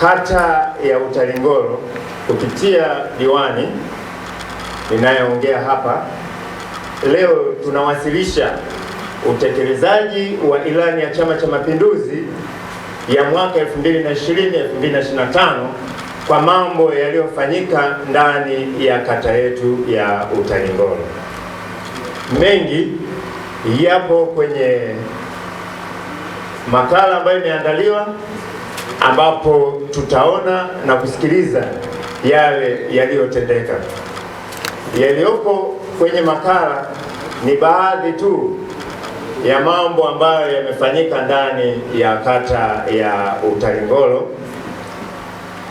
kata ya Utalingolo kupitia diwani ninayoongea hapa leo, tunawasilisha utekelezaji wa ilani ya Chama cha Mapinduzi ya mwaka 2020 2025 kwa mambo yaliyofanyika ndani ya kata yetu ya Utalingolo. Mengi yapo kwenye makala ambayo imeandaliwa ambapo tutaona na kusikiliza yale yaliyotendeka. Yaliyopo kwenye makala ni baadhi tu ya mambo ambayo yamefanyika ndani ya kata ya Utalingolo,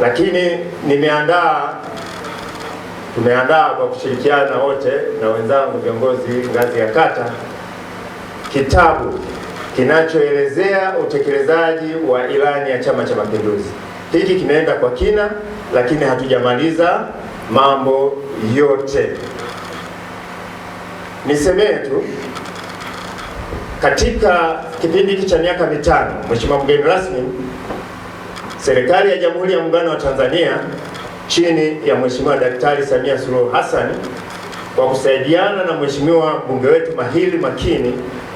lakini nimeandaa tumeandaa kwa kushirikiana wote na wenzangu viongozi ngazi ya kata kitabu kinachoelezea utekelezaji wa ilani ya Chama cha Mapinduzi. Hiki kinaenda kwa kina, lakini hatujamaliza mambo yote. Nisemee tu katika kipindi hiki cha miaka mitano, Mheshimiwa mgeni rasmi, serikali ya Jamhuri ya Muungano wa Tanzania chini ya Mheshimiwa Daktari Samia Suluhu Hassan kwa kusaidiana na Mheshimiwa mbunge wetu mahiri makini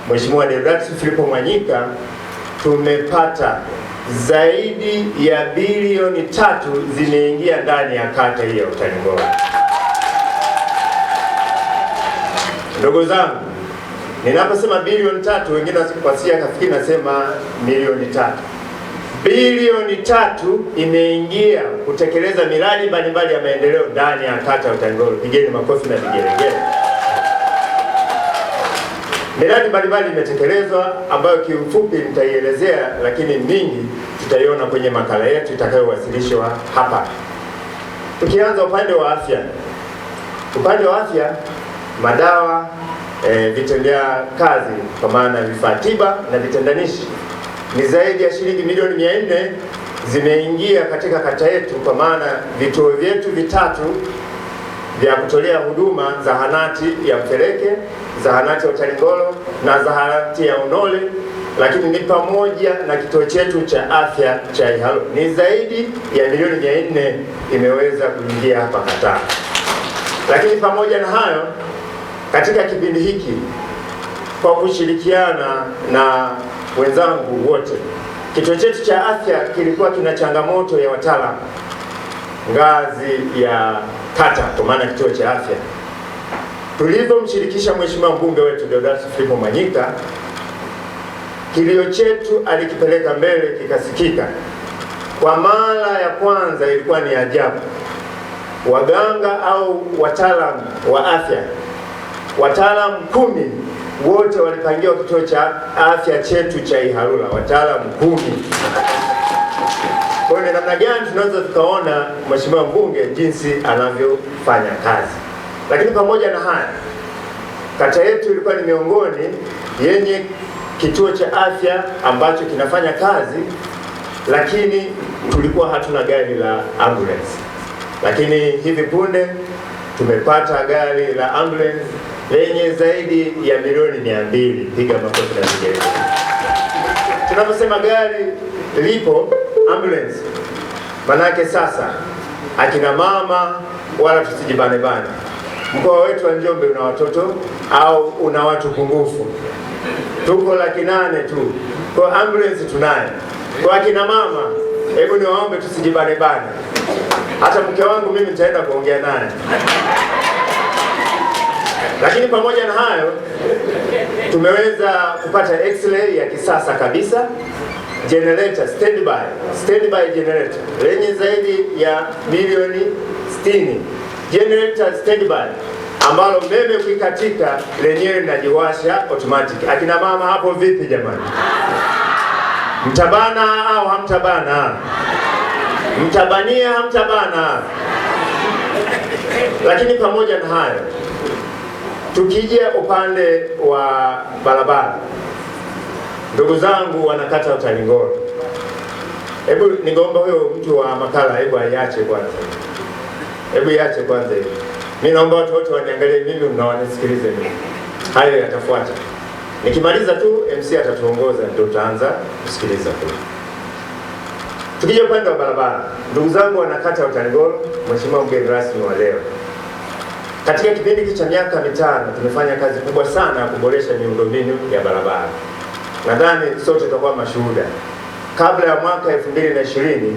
Mheshimiwa Deodatus Filipo Mwanyika tumepata zaidi ya bilioni tatu zimeingia ndani ya kata hii ya Utalingolo. Ndugu zangu, ninaposema bilioni tatu, wengine wasikupasia kafikiri nasema milioni tatu. Bilioni tatu imeingia kutekeleza miradi mbalimbali ya maendeleo ndani ya kata ya Utalingolo. Pigeni makofi na vigelegele. Miradi mbalimbali imetekelezwa ambayo kiufupi nitaielezea, lakini mingi tutaiona kwenye makala yetu itakayowasilishwa hapa. Tukianza upande wa afya, upande wa afya madawa e, vitendea kazi kwa maana vifaa tiba na vitendanishi ni zaidi ya shilingi milioni mia nne zimeingia katika kata yetu, kwa maana vituo vyetu vitatu vya kutolea huduma zahanati ya Mtereke, zahanati ya Utalingolo na zahanati ya Unole, lakini ni pamoja na kituo chetu cha afya cha Ihalo. Ni zaidi ya milioni mia nne imeweza kuingia hapa Katara. Lakini pamoja na hayo, katika kipindi hiki kwa kushirikiana na wenzangu wote, kituo chetu cha afya kilikuwa kina changamoto ya wataalamu ngazi ya kata, kwa maana kituo cha afya, tulivyomshirikisha mheshimiwa mbunge wetu Deodatus Filipo Mwanyika, kilio chetu alikipeleka mbele, kikasikika. Kwa mara ya kwanza ilikuwa ni ajabu, waganga au wataalamu wa afya, wataalamu kumi wote walipangiwa kituo cha afya chetu cha iharula wataalamu kumi namna gani tunaweza tukaona mheshimiwa mbunge jinsi anavyofanya kazi. Lakini pamoja na haya, kata yetu ilikuwa ni miongoni yenye kituo cha afya ambacho kinafanya kazi, lakini tulikuwa hatuna gari la ambulance, lakini hivi punde tumepata gari la ambulance lenye zaidi ya milioni mia mbili. Piga makofi na vigelegele. Tunaposema gari lipo ambulance Manake sasa akina mama wala tusijibanebane. Mkoa wetu wa Njombe una watoto au una watu pungufu, tuko laki nane tu, kwa ambulance tunayo. Kwa akina mama, hebu niwaombe tusijibanebane. Hata mke wangu mimi nitaenda kuongea naye lakini pamoja na hayo tumeweza kupata x-ray ya kisasa kabisa generator standby standby generator lenye zaidi ya milioni 60 generator standby ambalo umeme ukikatika lenyewe linajiwasha automatic. Akina mama hapo vipi jamani? Mtabana au hamtabana? Mtabania hamtabana? Lakini pamoja na hayo, tukija upande wa barabara Ndugu zangu wanakata Utalingolo, hebu nigomba huyo mtu wa makala, hebu aiache kwanza, hebu iache kwanza hiyo. Mimi naomba watu wote waniangalie mimi, mnawanisikilize mimi, hayo yatafuata. Nikimaliza tu MC atatuongoza, ndio tutaanza kusikiliza kule. Tukija upande wa barabara, ndugu zangu wanakata Utalingolo, Mheshimiwa mgeni rasmi wa leo, katika kipindi hiki cha miaka mitano tumefanya kazi kubwa sana ya kuboresha miundombinu ya barabara. Nadhani sote tutakuwa mashuhuda, kabla ya mwaka 2020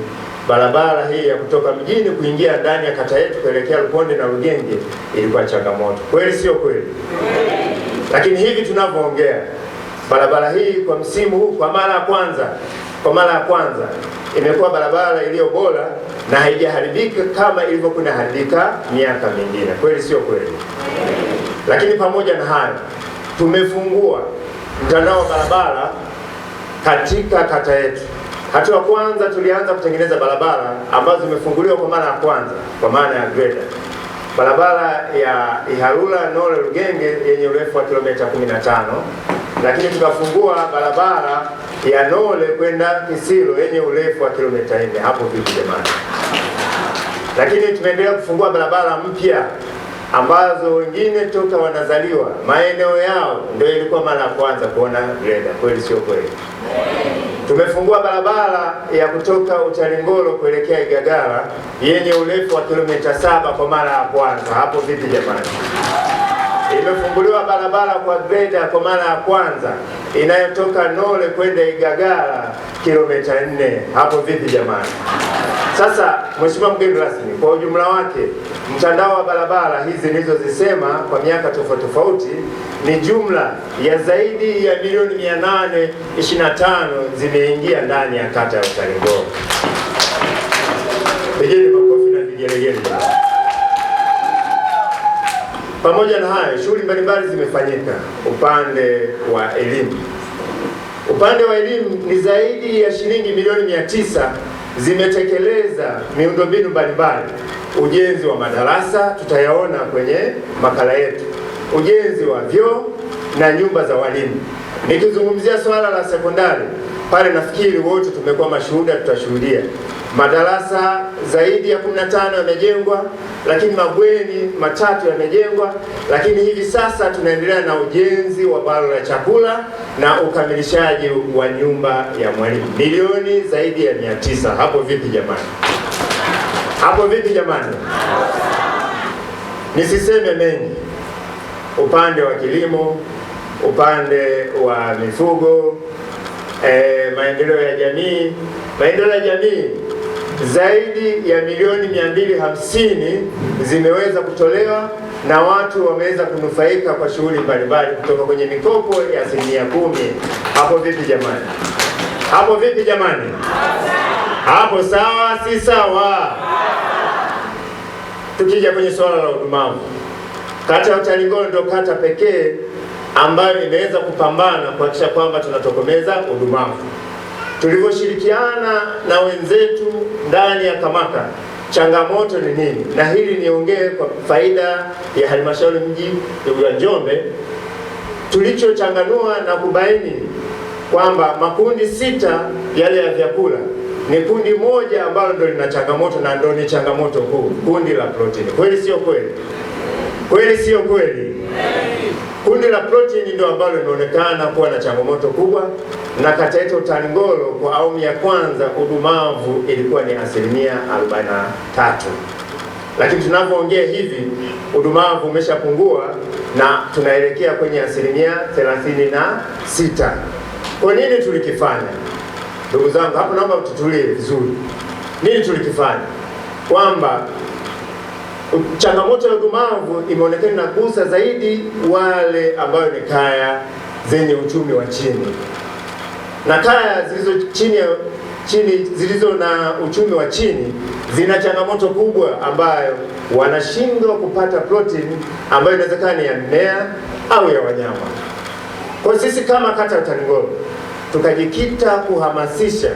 barabara hii ya kutoka mjini kuingia ndani ya kata yetu kuelekea Luponde na Rugenge ilikuwa changamoto kweli, sio kweli? Lakini hivi tunavyoongea barabara hii kwa msimu huu kwa mara ya kwanza, kwa mara ya kwanza imekuwa barabara iliyo bora na haijaharibika kama ilivyokuwa inaharibika miaka mingine, kweli sio kweli? Lakini pamoja na hayo tumefungua mtandao wa barabara katika kata yetu. Hatua kwanza tulianza kutengeneza barabara ambazo zimefunguliwa kwa mara ya kwanza kwa maana ya greda, barabara ya Iharula Nole Lugenge yenye urefu wa kilomita 15, lakini tukafungua barabara ya Nole kwenda Kisilo yenye urefu wa kilomita 4 hapo vijijini, Lakini tumeendelea kufungua barabara mpya ambazo wengine toka wanazaliwa maeneo yao ndio ilikuwa mara ya kwanza kuona greda. Kweli sio kweli? Tumefungua barabara ya kutoka Utalingolo kuelekea Igagala yenye urefu wa kilomita saba kwa mara ya kwanza. Hapo vipi jamani? imefunguliwa barabara kwa greda kwa mara ya kwanza inayotoka Nole kwenda Igagala kilomita 4. Hapo vipi jamani? Sasa Mheshimiwa mgeni rasmi, kwa ujumla wake mtandao wa barabara hizi nilizozisema kwa miaka tofauti tofauti ni jumla ya zaidi ya milioni tano zimeingia ndani ya kata ya Utalingolo. Pigeni makofi na vigelegele. Pamoja na hayo, shughuli mbalimbali zimefanyika upande wa elimu. Upande wa elimu ni zaidi ya shilingi milioni mia tisa zimetekeleza miundombinu mbalimbali, ujenzi wa madarasa tutayaona kwenye makala yetu, ujenzi wa vyoo na nyumba za walimu. Nikizungumzia swala la sekondari pale, nafikiri wote tumekuwa mashuhuda, tutashuhudia madarasa zaidi ya 15 yamejengwa, lakini mabweni matatu yamejengwa, lakini hivi sasa tunaendelea na ujenzi wa balo la chakula na ukamilishaji wa nyumba ya mwalimu milioni zaidi ya mia tisa. Hapo vipi jamani? Hapo vipi jamani? Nisiseme mengi, upande wa kilimo, upande wa mifugo eh, maendeleo ya jamii. Maendeleo ya jamii zaidi ya milioni hamsini zimeweza kutolewa na watu wameweza kunufaika kwa shughuli mbalimbali kutoka kwenye mikopo ya asilimia kumi. Hapo vipi jamani? Hapo vipi jamani? Hapo sawa, si sawa? Tukija kwenye suala la udumavu, kata ya Utalingolo ndio kata pekee ambayo imeweza kupambana kuhakikisha kwamba tunatokomeza udumavu. Tulivyoshirikiana na wenzetu ndani ya Kamaka, changamoto ni nini? Na hili niongee kwa faida ya halmashauri mji ya Njombe. Tulichochanganua na kubaini kwamba makundi sita yale ya vyakula ni kundi moja ambalo ndo lina changamoto na ndo ni changamoto kuu, kundi la protini. Kweli sio kweli? Kweli sio kweli? Kundi la protini ndio ambalo linaonekana kuwa na changamoto kubwa, na kata yetu Tangolo kwa awamu ya kwanza udumavu ilikuwa ni asilimia 43, lakini tunapoongea hivi udumavu umeshapungua na tunaelekea kwenye asilimia 36. Kwa nini tulikifanya? Ndugu zangu, hapo naomba tutulie vizuri. Nini tulikifanya? Kwamba changamoto ya udumavu imeonekana inagusa zaidi wale ambayo ni kaya zenye uchumi wa chini na kaya zilizo chini chini zilizo na uchumi wa chini zina changamoto kubwa ambayo wanashindwa kupata protini ambayo inawezekana ya mmea au ya wanyama. Kwa sisi kama kata ya Utalingolo tukajikita kuhamasisha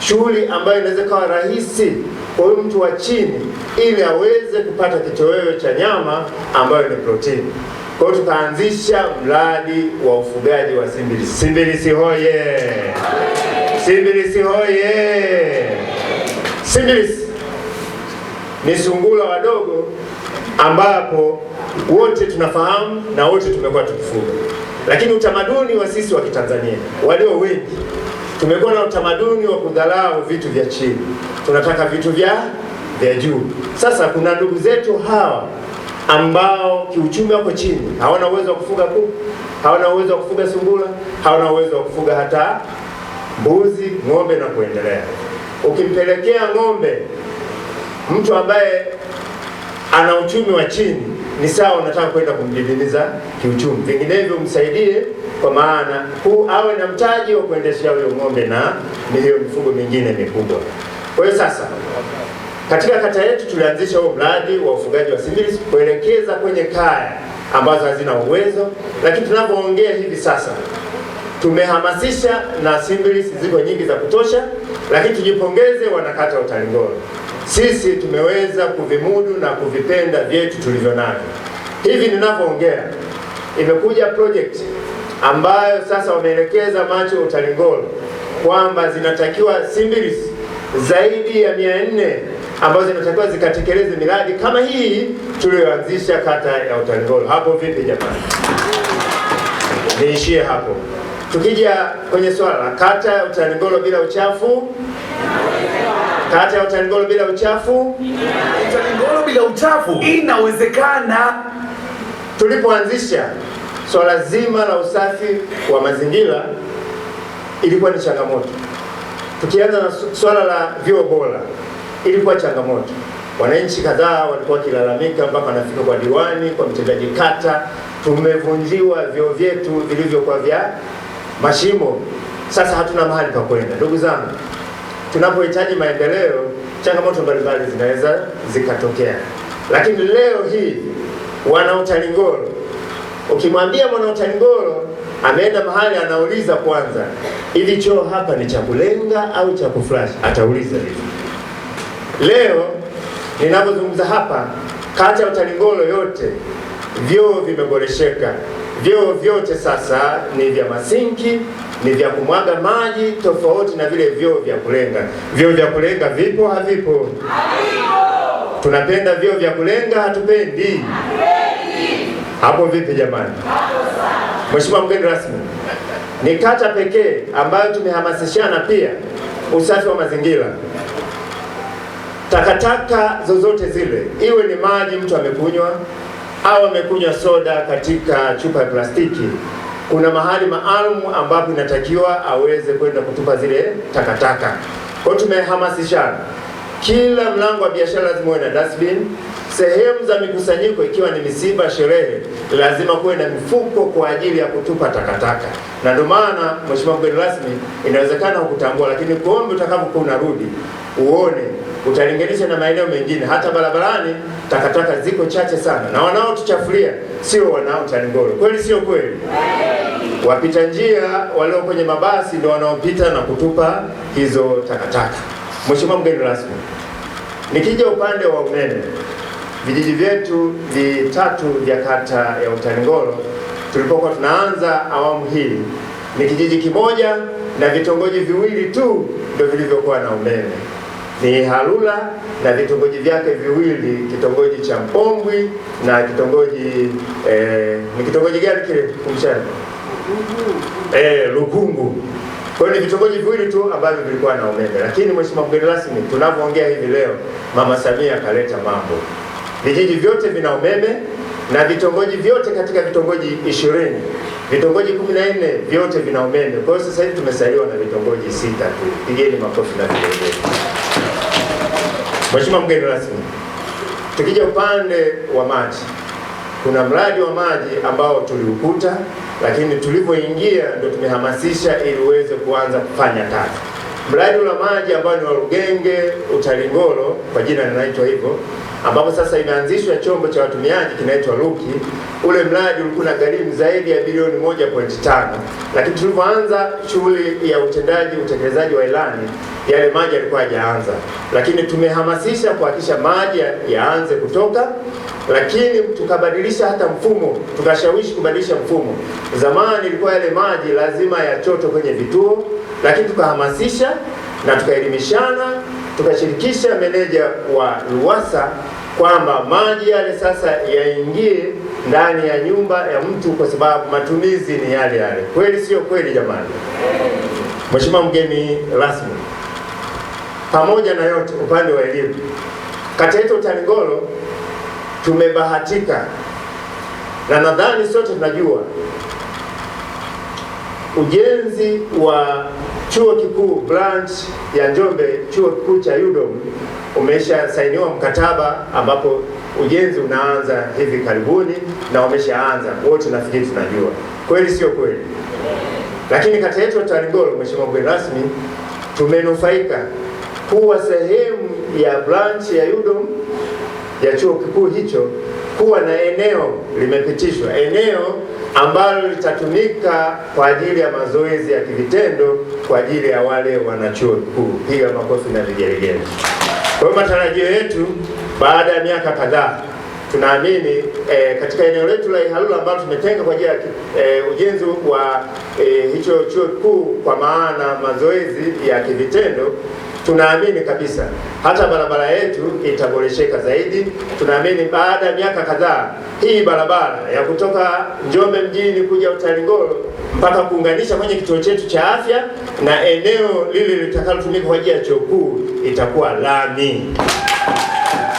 shughuli ambayo inaweza kuwa rahisi kwa hiyo mtu wa chini, ili aweze kupata kitoweo cha nyama ambayo ni protini. Kwa hiyo tukaanzisha mradi wa ufugaji wa simbilisi. Simbilisi hoye! Simbilisi hoye! Simbilisi ni sungula wadogo ambapo wote tunafahamu na wote tumekuwa tukifuga, lakini utamaduni wa sisi wa Kitanzania walio wengi Tumekuwa na utamaduni wa kudharau vitu vya chini, tunataka vitu vya vya juu. Sasa kuna ndugu zetu hawa ambao kiuchumi wako chini, hawana uwezo wa kufuga kuku, hawana uwezo wa kufuga sungura, hawana uwezo wa kufuga hata mbuzi, ng'ombe na kuendelea. Ukimpelekea ng'ombe mtu ambaye ana uchumi wa chini ni sawa, unataka kwenda kumdidimiza kiuchumi. Vinginevyo msaidie, kwa maana huu awe na mtaji wa kuendesha huyo ng'ombe na hiyo mifugo mingine mikubwa. Kwa hiyo sasa katika kata yetu tulianzisha huo mradi wa ufugaji wa simbili kuelekeza kwenye kaya ambazo hazina uwezo, lakini tunapoongea hivi sasa tumehamasisha na simbili ziko nyingi za kutosha, lakini tujipongeze wanakata Utalingolo sisi tumeweza kuvimudu na kuvipenda vyetu tulivyo navyo. Hivi ninavyoongea, imekuja project ambayo sasa wameelekeza macho ya Utalingolo kwamba zinatakiwa simbilisi zaidi ya mia nne ambazo zinatakiwa zikatekeleze miradi kama hii tuliyoanzisha kata ya Utalingolo. Hapo vipi jamani? Niishie hapo. Tukija kwenye swala la kata ya Utalingolo bila uchafu kati ya utangolo bila uchafu Utangolo bila uchafu inawezekana. Tulipoanzisha swala so zima la usafi wa mazingira ilikuwa ni changamoto. Tukianza na swala la vyoo bora ilikuwa changamoto, wananchi kadhaa walikuwa wakilalamika mpaka wanafika kwa diwani, kwa mtendaji kata, tumevunjiwa vyoo vyetu vilivyokuwa vya mashimo, sasa hatuna mahali pa kwenda. Ndugu zangu tunapohitaji maendeleo, changamoto mbalimbali zinaweza zikatokea. Lakini leo hii wanaotalingolo, ukimwambia mwanaotalingolo ameenda mahali anauliza kwanza, hivi choo hapa ni cha kulenga au cha kuflash? Atauliza hivi. Leo ninapozungumza hapa, kata ya Utalingolo yote vyoo vimeboresheka vyoo vyote sasa ni vya masinki, ni vya kumwaga maji, tofauti na vile vyoo vya kulenga. Vyoo vya kulenga vipo havipo? Havipo. Tunapenda vyoo vya kulenga? Hatupendi, hatupendi. Hapo vipi jamani? Hapo sana. Mheshimiwa mgeni rasmi, ni kata pekee ambayo tumehamasishana pia usafi wa mazingira takataka zozote zile, iwe ni maji mtu amekunywa au amekunywa soda katika chupa ya plastiki, kuna mahali maalum ambapo inatakiwa aweze kwenda kutupa zile takataka. Kwa tumehamasisha tumehamasishana, kila mlango wa biashara lazima uwe na dustbin. Sehemu za mikusanyiko, ikiwa ni misiba, sherehe, lazima kuwe na mifuko kwa ajili ya kutupa takataka, na ndio maana Mheshimiwa mgeni rasmi, inawezekana hukutambua, lakini kuombe utakapokuwa unarudi uone utalinganisha na maeneo mengine. Hata barabarani takataka ziko chache sana, na wanaotuchafulia sio wanaota Ngolo. Kweli sio kweli? Wapita njia walio kwenye mabasi ndio wanaopita na kutupa hizo takataka. Mheshimiwa mgeni rasmi, nikija upande wa umeme, vijiji vyetu vitatu vya kata ya Utalingolo tulipokuwa tunaanza awamu hii ni kijiji kimoja na vitongoji viwili tu ndio vilivyokuwa na umeme ni Ihalula na vitongoji vyake viwili, kitongoji cha Mpombwi na kitongoji eh, ni kitongoji gani kile kumshana eh, Lukungu. Kwa hiyo ni vitongoji viwili tu ambavyo vilikuwa na umeme, lakini mheshimiwa mgeni rasmi, tunapoongea hivi leo, mama Samia akaleta mambo, vijiji vyote vina umeme na vitongoji vyote katika vitongoji ishirini vitongoji kumi na nne vyote vina umeme. Kwa hiyo sasa hivi tumesaliwa na vitongoji sita tu. Pigeni makofi na vigelegele. Mheshimiwa mgeni rasmi, tukija upande wa maji, kuna mradi wa maji ambao tuliukuta, lakini tulivyoingia ndio tumehamasisha ili uweze kuanza kufanya kazi. Mradi wa maji ambao ni wa Rugenge Utalingolo, kwa jina linaitwa hivyo ambapo sasa imeanzishwa chombo cha watumiaji kinaitwa Luki. Ule mradi ulikuwa na gharimu zaidi ya bilioni 1.5, lakini tulivyoanza shughuli ya utendaji utekelezaji wa ilani, yale maji yalikuwa hayajaanza, lakini tumehamasisha kuhakikisha maji yaanze kutoka, lakini tukabadilisha hata mfumo, tukashawishi kubadilisha mfumo. Zamani ilikuwa yale maji lazima yachoto kwenye vituo, lakini tukahamasisha na tukaelimishana tukashirikisha meneja wa RUWASA kwamba maji yale sasa yaingie ndani ya nyumba ya mtu kwa sababu matumizi ni yale yale. Kweli sio kweli jamani? Mheshimiwa mgeni rasmi, pamoja na yote, upande wa elimu, kata yetu Utalingolo tumebahatika na nadhani sote tunajua ujenzi wa chuo kikuu branch ya Njombe, chuo kikuu cha UDOM umeshasainiwa mkataba ambapo ujenzi unaanza hivi karibuni, na umeshaanza, wote, nafikiri tunajua kweli, sio kweli? Lakini kata yetu ya Tarangire, mheshimiwa mgeni rasmi, tumenufaika kuwa sehemu ya branch ya UDOM ya chuo kikuu hicho, kuwa na eneo limepitishwa eneo ambalo litatumika kwa ajili ya mazoezi ya kivitendo kwa ajili ya wale wanachuo vikuu. Piga makofi na vigelegele. Kwa hiyo matarajio yetu baada ya miaka kadhaa tunaamini e, katika eneo letu la Ihalula ambalo tumetenga kwa ajili ya e, ujenzi wa e, hicho chuo kikuu, kwa maana mazoezi ya kivitendo Tunaamini kabisa hata barabara yetu itaboresheka zaidi. Tunaamini baada ya miaka kadhaa, hii barabara ya kutoka Njombe mjini kuja Utalingolo mpaka kuunganisha kwenye kituo chetu cha afya na eneo lile litakalotumika kwa ajili ya chokuu itakuwa lami.